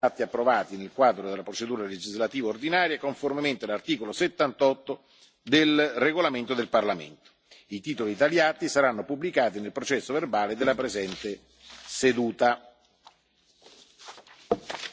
stati approvati nel quadro della procedura legislativa ordinaria e conformemente all'articolo settantotto del regolamento del parlamento. i titoli dei tagliati saranno pubblicati nel processo verbale della presente seduta.